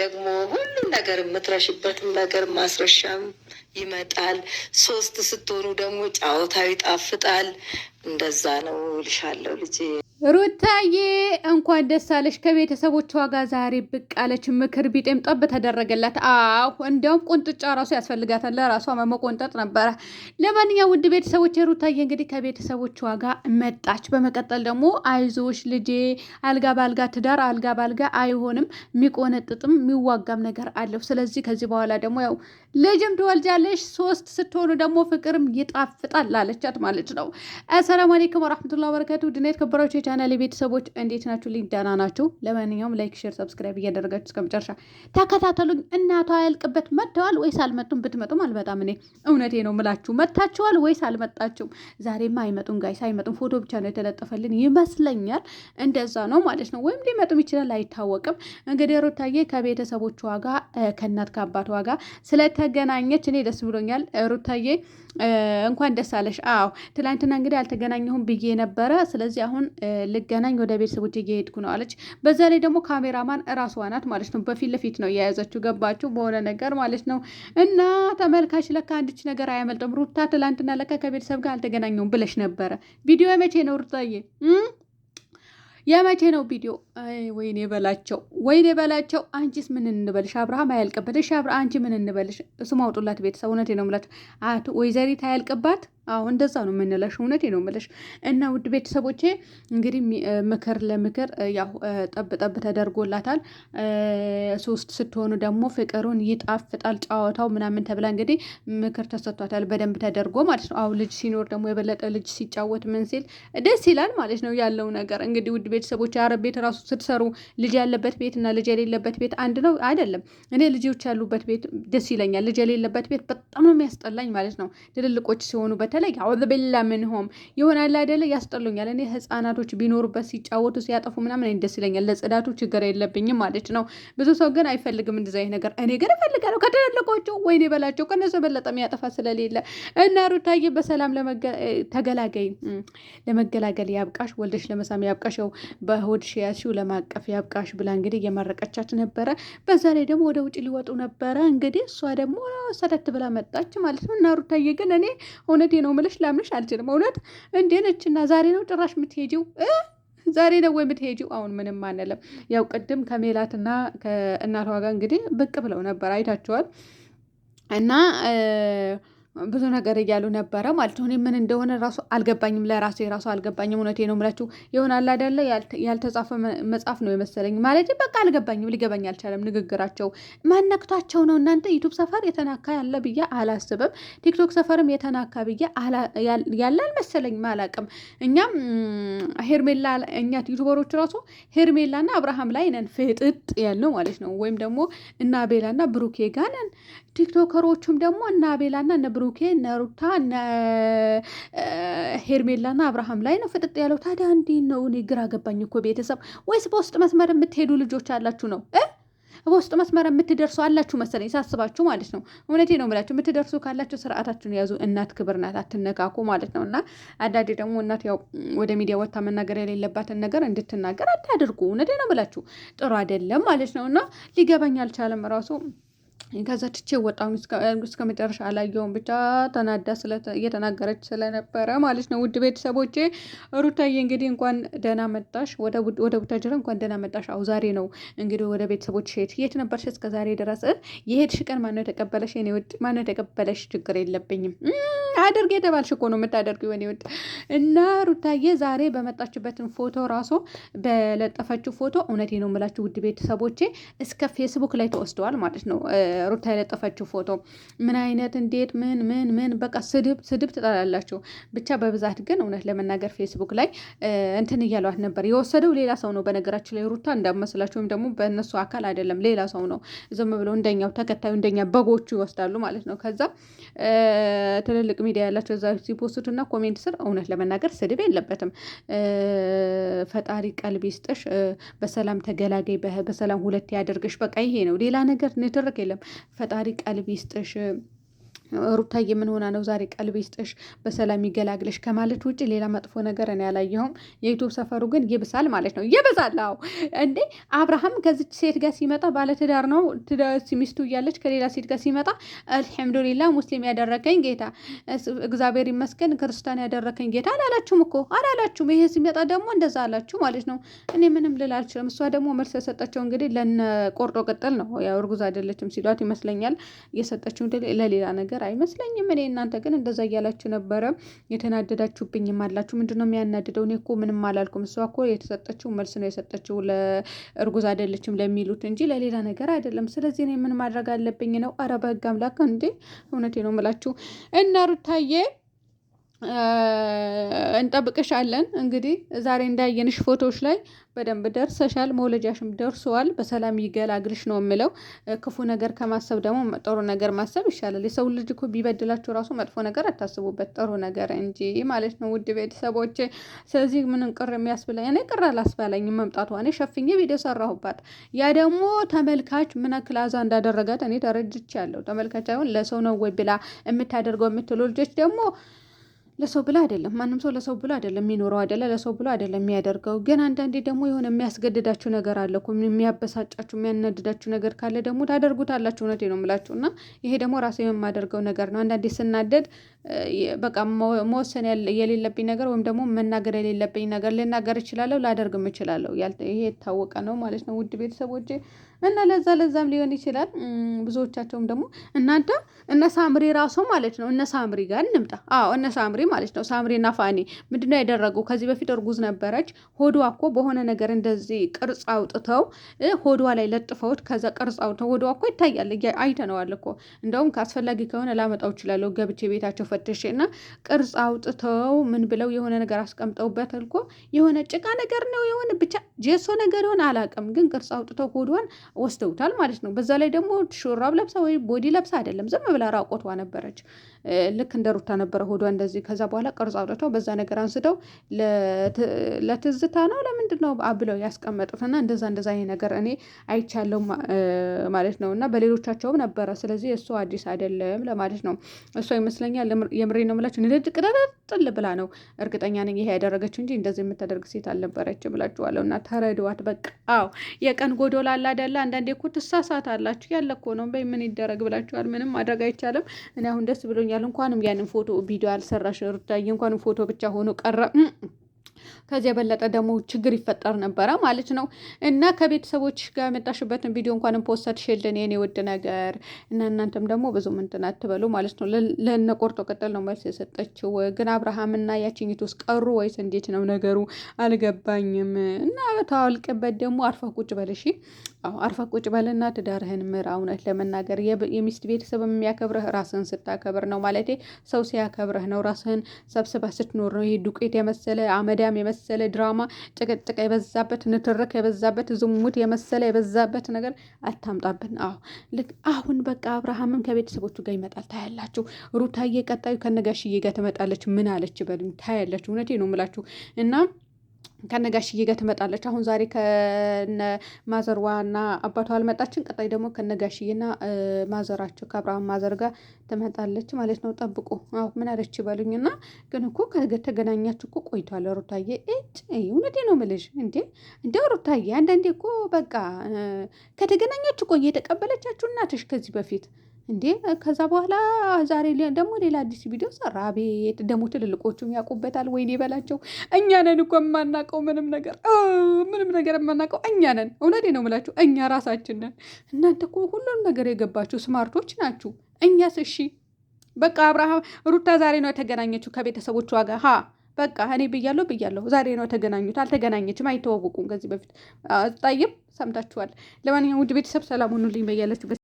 ደግሞ ሁሉም ነገር የምትረሽበትም ነገር ማስረሻም ይመጣል። ሶስት ስትሆኑ ደግሞ ጫወታው ይጣፍጣል። እንደዛ ነው እልሻለሁ ልጄ። ሩታዬ እንኳን ደስ አለሽ። ከቤተሰቦቿ ጋር ዛሬ ብቅ አለች። ምክር ቢጤም ጠብ ተደረገላት። አዎ እንዲያውም ቁንጥጫ ራሱ ያስፈልጋታል። ለራሷ መቆንጠጥ ነበረ። ለማንኛውም ውድ ቤተሰቦች ሩታዬ እንግዲህ ከቤተሰቦቿ ጋር መጣች። በመቀጠል ደግሞ አይዞሽ ልጄ፣ አልጋ ባልጋ ትዳር አልጋ ባልጋ አይሆንም፣ የሚቆነጥጥም የሚዋጋም ነገር አለው። ስለዚህ ከዚህ በኋላ ደግሞ ያው ልጅም ትወልጃለሽ፣ ሶስት ስትሆኑ ደግሞ ፍቅርም ይጣፍጣል ላለቻት ማለት ነው። አሰላሙ አሌይኩም ወራህመቱላ ወበረካቱ ድና የተከበራችሁ የቻናል ቤተሰቦች እንዴት ናችሁ? ልኝ ደህና ናችሁ? ለማንኛውም ላይክ፣ ሼር፣ ሰብስክራይብ እያደረጋችሁ እስከ መጨረሻ ተከታተሉኝ። እናቷ ያልቅበት መጥተዋል ወይስ አልመጡም? ብትመጡም አልመጣም። እኔ እውነቴ ነው ምላችሁ መጥታችኋል ወይስ አልመጣችሁም? ዛሬማ አይመጡም፣ ጋይስ አይመጡም። ፎቶ ብቻ ነው የተለጠፈልን ይመስለኛል። እንደዛ ነው ማለት ነው። ወይም ሊመጡም ይችላል አይታወቅም። እንግዲህ ሩታዬ ከቤተሰቦቿ ጋር ከእናት ከአባቷ ጋር ስለ ተገናኘች። እኔ ደስ ብሎኛል። ሩታዬ እንኳን ደስ አለሽ። አዎ ትላንትና እንግዲህ አልተገናኘሁም ብዬ ነበረ። ስለዚህ አሁን ልገናኝ ወደ ቤተሰቦች እየሄድኩ ነው አለች። በዛ ላይ ደግሞ ካሜራማን እራሷ ናት ማለት ነው። በፊት ለፊት ነው የያዘችው። ገባችሁ? በሆነ ነገር ማለት ነው። እና ተመልካች ለካ አንድች ነገር አያመልጥም። ሩታ ትላንትና ለካ ከቤተሰብ ጋር አልተገናኘሁም ብለሽ ነበረ። ቪዲዮ መቼ ነው ሩታዬ? የመቼ ነው ቪዲዮ? ወይኔ በላቸው፣ ወይኔ በላቸው። አንቺስ ምን እንበልሽ? አብርሃም አያልቅበት። እሺ አንቺ ምን እንበልሽ? እሱ ማውጡላት ቤተሰብ። እውነቴ ነው የምላቸው ወይዘሪት አያልቅባት አሁን እንደዛ ነው የምንለሽ። እውነቴ ነው የምልሽ። እና ውድ ቤተሰቦቼ እንግዲህ ምክር ለምክር ያው ጠብ ጠብ ተደርጎላታል። ሶስት ስትሆኑ ደግሞ ፍቅሩን ይጣፍጣል ጨዋታው ምናምን ተብላ እንግዲህ ምክር ተሰጥቷታል በደንብ ተደርጎ ማለት ነው። አዎ ልጅ ሲኖር ደግሞ የበለጠ ልጅ ሲጫወት ምን ሲል ደስ ይላል ማለት ነው ያለው ነገር። እንግዲህ ውድ ቤተሰቦች አረብ ቤት ራሱ ስትሰሩ ልጅ ያለበት ቤት እና ልጅ የሌለበት ቤት አንድ ነው አይደለም። እኔ ልጆች ያሉበት ቤት ደስ ይለኛል። ልጅ የሌለበት ቤት በጣም ነው የሚያስጠላኝ ማለት ነው። ትልልቆች ሲሆኑ በተለይ አውዝ ቢላ ምንሆም የሆነ ይሆናል አይደለ? ያስጠሉኛል። እኔ ህፃናቶች ቢኖሩበት ሲጫወቱ ሲያጠፉ ምናምን ደስ ይለኛል። ለጽዳቱ ችግር የለብኝም ማለት ነው። ብዙ ሰው ግን አይፈልግም እንደዚህ አይነት ነገር። እኔ ግን እፈልጋለሁ። ከደለቆቸው ወይኔ በላቸው። ከነሱ በለጠ የሚያጠፋ ስለሌለ እና ሩታዬ በሰላም ተገላገይ፣ ለመገላገል ያብቃሽ፣ ወልደሽ ለመሳም ያብቃሽ፣ ያው በሆድሽ ያዝሽው ለማቀፍ ያብቃሽ ብላ እንግዲህ እየመረቀቻት ነበረ። በዛ ላይ ደግሞ ወደ ውጭ ሊወጡ ነበረ እንግዲህ እሷ ደግሞ ሰደት ብላ መጣች ማለት ነው። እና ሩታዬ ግን እኔ እውነቴ ነው ነው ምልሽ፣ ላምንሽ አልችልም። እውነት እንዴ ነችና ዛሬ ነው ጭራሽ የምትሄጂው ዛሬ ነው ወይ የምትሄጂው? አሁን ምንም አንለም። ያው ቅድም ከሜላትና ከእናቷ ጋር እንግዲህ ብቅ ብለው ነበር አይታችኋል እና ብዙ ነገር እያሉ ነበረ ማለት ነው። ምን እንደሆነ ራሱ አልገባኝም፣ ለራሴ ራሱ አልገባኝም። እውነቴ ነው የምላችሁ ይሆናል አይደለ ያልተጻፈ መጽሐፍ ነው የመሰለኝ ማለት በቃ አልገባኝም፣ ሊገባኝ አልቻለም። ንግግራቸው ማነክቷቸው ነው እናንተ። ዩቱብ ሰፈር የተናካ ያለ ብዬ አላስብም። ቲክቶክ ሰፈርም የተናካ ብዬ ያለ አልመሰለኝ፣ አላቅም። እኛም ሄርሜላ እኛ ዩቱበሮች ራሱ ሄርሜላና አብርሃም ላይ ነን ፍጥጥ ያልነው ማለት ነው። ወይም ደግሞ እና ቤላና ብሩኬ ጋር ነን። ቲክቶከሮቹም ደግሞ እና ቤላና ብሩኬ እነ ሩታ እነ ሄርሜላና አብርሃም ላይ ነው ፍጥጥ ያለው። ታዲያ እንዲህ ነው። እኔ ግራ ገባኝ እኮ ቤተሰብ። ወይስ በውስጥ መስመር የምትሄዱ ልጆች አላችሁ ነው በውስጥ መስመር የምትደርሱ አላችሁ መሰለኝ፣ ሳስባችሁ ማለት ነው። እውነቴ ነው የምላችሁ። የምትደርሱ ካላችሁ ስርዓታችሁን የያዙ እናት ክብር ናት፣ አትነካኩ ማለት ነው። እና አንዳንዴ ደግሞ እናት ያው ወደ ሚዲያ ወታ መናገር የሌለባትን ነገር እንድትናገር አታድርጉ። እውነቴ ነው የምላችሁ፣ ጥሩ አይደለም ማለት ነው። እና ሊገባኝ አልቻለም ራሱ ከዛ ትቼ ወጣሁኝ። እስከ መጨረሻ አላየሁም። ብቻ ተናዳ እየተናገረች ስለነበረ ማለት ነው። ውድ ቤተሰቦቼ ሩታዬ እንግዲህ እንኳን ደህና መጣሽ፣ ወደ ቡታጅራ እንኳን ደህና መጣሽ። አው ዛሬ ነው እንግዲህ ወደ ቤተሰቦች ሄድ። የት ነበርሽ እስከ ዛሬ ድረስ? የሄድሽ ቀን ማነው የተቀበለሽ? የኔ ውድ ማነው የተቀበለሽ? ችግር የለብኝም አድርግ የተባልሽ እኮ ነው የምታደርግ እኔ ወድ እና ሩታዬ ዛሬ በመጣችበትን ፎቶ ራሱ በለጠፈችው ፎቶ እውነቴ ነው የምላችሁ ውድ ቤተሰቦቼ እስከ ፌስቡክ ላይ ተወስደዋል ማለት ነው። ሩታ የለጠፈችው ፎቶ ምን አይነት እንዴት ምን ምን ምን በቃ ስድብ ስድብ ትጠላላችሁ። ብቻ በብዛት ግን እውነት ለመናገር ፌስቡክ ላይ እንትን እያሏት ነበር። የወሰደው ሌላ ሰው ነው በነገራችን ላይ ሩታ እንዳመስላችሁ ወይም ደግሞ በእነሱ አካል አይደለም፣ ሌላ ሰው ነው። ዝም ብሎ እንደኛው ተከታዩ እንደኛ በጎቹ ይወስዳሉ ማለት ነው። ከዛ ትልልቅ ሚዲያ ሚዲያ ያላቸው እዛ ሲፖስቱና ኮሜንት ስር እውነት ለመናገር ስድብ የለበትም። ፈጣሪ ቀልብ ይስጥሽ፣ በሰላም ተገላገይ፣ በሰላም ሁለት ያደርግሽ። በቃ ይሄ ነው፣ ሌላ ነገር ንትርክ የለም። ፈጣሪ ቀልብ ይስጥሽ። ሩታዬ ምን ሆና ነው ዛሬ ቀልብ ይስጥሽ በሰላም ይገላግልሽ ከማለት ውጭ ሌላ መጥፎ ነገር እኔ ያላየሁም። የዩቱብ ሰፈሩ ግን ይብሳል ማለት ነው፣ ይብሳል። አዎ እንዴ አብርሃም ከዚች ሴት ጋር ሲመጣ ባለትዳር ነው፣ ሚስቱ እያለች ከሌላ ሴት ጋር ሲመጣ አልሐምዱሊላ ሙስሊም ያደረገኝ ጌታ እግዚአብሔር ይመስገን፣ ክርስቲያን ያደረገኝ ጌታ አላላችሁም እኮ አላላችሁም። ይሄ ሲመጣ ደግሞ እንደዛ አላችሁ ማለት ነው። እኔ ምንም ልል አልችልም። እሷ ደግሞ መልስ የሰጠችው እንግዲህ ለነ ቆርጦ ቅጥል ነው፣ ያው እርጉዝ አይደለችም ሲሏት ይመስለኛል የሰጠችው ለሌላ ነገር ነገር አይመስለኝም። እኔ እናንተ ግን እንደዛ እያላችሁ ነበረ የተናደዳችሁብኝም አላችሁ። ምንድን ነው የሚያናድደው? እኔ እኮ ምንም አላልኩም። እሷ እኮ የተሰጠችው መልስ ነው የሰጠችው ለእርጉዝ አይደለችም ለሚሉት እንጂ ለሌላ ነገር አይደለም። ስለዚህ እኔ ምን ማድረግ አለብኝ ነው? አረ በህግ አምላክ እንዴ! እውነቴ ነው የምላችሁ እና ሩታዬ እንጠብቅሻለን። እንግዲህ ዛሬ እንዳየንሽ ፎቶዎች ላይ በደንብ ደርሰሻል፣ መውለጃሽም ደርሰዋል። በሰላም ይገላግልሽ ነው የምለው። ክፉ ነገር ከማሰብ ደግሞ ጥሩ ነገር ማሰብ ይሻላል። የሰው ልጅ እኮ ቢበድላችሁ ራሱ መጥፎ ነገር አታስቡበት፣ ጥሩ ነገር እንጂ ማለት ነው። ውድ ቤተሰቦች፣ ስለዚህ ምንም ቅር የሚያስብላኝ እኔ ቅር አላስባለኝ መምጣቷ። እኔ ሸፍኜ ቪዲዮ ሰራሁባት። ያ ደግሞ ተመልካች ምን ክላዛ እንዳደረጋት እኔ ተረድቻለሁ። ተመልካች አይሆን ለሰው ነው ወይ ብላ የምታደርገው የምትሉ ልጆች ደግሞ ለሰው ብሎ አይደለም ማንም ሰው ለሰው ብሎ አይደለም የሚኖረው አይደለ ለሰው ብሎ አይደለም የሚያደርገው። ግን አንዳንዴ ደግሞ የሆነ የሚያስገድዳችሁ ነገር አለ እኮ የሚያበሳጫችሁ፣ የሚያናድዳችሁ ነገር ካለ ደግሞ ታደርጉታላችሁ። እውነቴ ነው የምላችሁ እና ይሄ ደግሞ ራሴ የማደርገው ነገር ነው። አንዳንዴ ስናደድ በቃ መወሰን የሌለብኝ ነገር ወይም ደግሞ መናገር የሌለብኝ ነገር ልናገር እችላለሁ፣ ላደርግም እችላለሁ። ይሄ የታወቀ ነው ማለት ነው ውድ ቤተሰቦቼ እና ለዛ ለዛም ሊሆን ይችላል። ብዙዎቻቸውም ደግሞ እናንተ እነ ሳምሪ ራሱ ማለት ነው እነ ሳምሪ ጋር እንምጣ። አዎ እነ ሳምሪ ማለት ነው። ሳምሪና ፋኒ ምንድነው ያደረጉ? ከዚህ በፊት እርጉዝ ነበረች። ሆዷ እኮ በሆነ ነገር እንደዚህ ቅርጽ አውጥተው ሆዷ ላይ ለጥፈውት ከዛ ቅርጽ አውጥተው ሆዷ እኮ ይታያል። አይተነዋል እኮ እንደውም ካስፈላጊ ከሆነ ላመጣው እችላለሁ ገብቼ ቤታቸው ፈትሼ እና ቅርጽ አውጥተው ምን ብለው የሆነ ነገር አስቀምጠውበት እኮ የሆነ ጭቃ ነገር ነው የሆነ ብቻ ጀሶ ነገር የሆነ አላውቅም፣ ግን ቅርጽ አውጥተው ሆዷን ወስደውታል ማለት ነው። በዛ ላይ ደግሞ ሹራብ ለብሳ ወይ ቦዲ ለብሳ አይደለም፣ ዝም ብላ ራቆቷ ነበረች። ልክ እንደ ሩታ ነበረ ሆዷ እንደዚህ ከዛ በኋላ ቅርጽ አውጥተው በዛ ነገር አንስተው ለትዝታ ነው ለምንድን ነው ብለው ያስቀመጡት እና እንደዛ እንደዛ ይሄ ነገር እኔ አይቻለው ማለት ነው። እና በሌሎቻቸውም ነበረ። ስለዚህ እሱ አዲስ አይደለም ለማለት ነው። እሱ ይመስለኛል የምሬ ነው ምላቸው ንድድ ቅጠጥል ብላ ነው እርግጠኛ ነኝ ይሄ ያደረገችው እንጂ እንደዚህ የምታደርግ ሴት አልነበረች ብላችኋለሁ። እና ተረድዋት በቃ። የቀን ጎዶላ አለ አይደለ? አንዳንዴ እኮ ትሳሳት አላችሁ ያለ እኮ ነው። በይ ምን ይደረግ ብላችኋል። ምንም ማድረግ አይቻልም። እኔ አሁን ደስ ብሎኛል። እንኳንም ያንን ፎቶ ቪዲዮ አልሰራሽ ሩታዬ እንኳን ፎቶ ብቻ ሆኖ ቀረ። ከዚያ የበለጠ ደግሞ ችግር ይፈጠር ነበረ ማለት ነው። እና ከቤተሰቦች ጋር የመጣሽበትን ቪዲዮ እንኳን ፖስተር ሼልን የኔ ውድ ነገር እና እናንተም ደግሞ ብዙ ምንትን አትበሉ ማለት ነው። ለነ ቆርጦ ቀጠል ነው መልስ የሰጠችው። ግን አብርሃምና ያችኝት ውስጥ ቀሩ ወይስ እንዴት ነው ነገሩ? አልገባኝም። እና ታዋልቅበት ደግሞ አርፈ ቁጭ በል አሁን አርፈ ቁጭ በልና ትዳርህን ምር። እውነት ለመናገር የሚስት ቤተሰብ የሚያከብርህ ራስህን ስታከብር ነው። ማለት ሰው ሲያከብርህ ነው። ራስህን ሰብስባ ስትኖር ነው። ይሄ ዱቄት የመሰለ አመዳም የመሰለ ድራማ፣ ጭቅጭቅ የበዛበት ንትርክ የበዛበት ዝሙት የመሰለ የበዛበት ነገር አታምጣብን። አዎ ልክ አሁን በቃ አብርሃምም ከቤተሰቦቹ ጋር ይመጣል። ታያላችሁ። ሩታዬ ቀጣዩ ከነጋሽዬ ጋር ትመጣለች። ምን አለች በሉኝ። ታያላችሁ። እውነቴ ነው የምላችሁ እና ከነጋሽዬ ጋር ትመጣለች። አሁን ዛሬ ከነ ማዘርዋና አባቷ አልመጣችን። ቀጣይ ደግሞ ከነጋሽዬና ማዘራቸው ከአብርሃም ማዘር ጋር ትመጣለች ማለት ነው። ጠብቁ። አሁ ምን አለች ይበሉኝና፣ ግን እኮ ከተገናኛችሁ እኮ ቆይቷል ሩታዬ። እጭ እውነቴ ነው ምልሽ እንዴ እንደ ሩታዬ አንዳንዴ እኮ በቃ ከተገናኛችሁ ቆየ የተቀበለቻችሁ እናትሽ ከዚህ በፊት እንዴ ከዛ በኋላ ዛሬ ደግሞ ሌላ አዲስ ቪዲዮ ሰራ። ቤት ደግሞ ትልልቆቹም ያውቁበታል። ወይኔ የበላቸው እኛ ነን እኮ የማናውቀው ምንም ነገር ምንም ነገር የማናውቀው እኛ ነን። እውነቴ ነው የምላችሁ እኛ ራሳችን ነን። እናንተ እኮ ሁሉም ነገር የገባችሁ ስማርቶች ናችሁ። እኛስ እሺ በቃ አብርሃም ሩታ ዛሬ ነው የተገናኘችው ከቤተሰቦቿ ጋር ሀ በቃ እኔ ብያለሁ ብያለሁ። ዛሬ ነው የተገናኙት። አልተገናኘችም፣ አይተዋወቁም ከዚህ በፊት ጣይም ሰምታችኋል። ለማንኛውም ውድ ቤተሰብ ሰላም ሁኑልኝ በያለችበት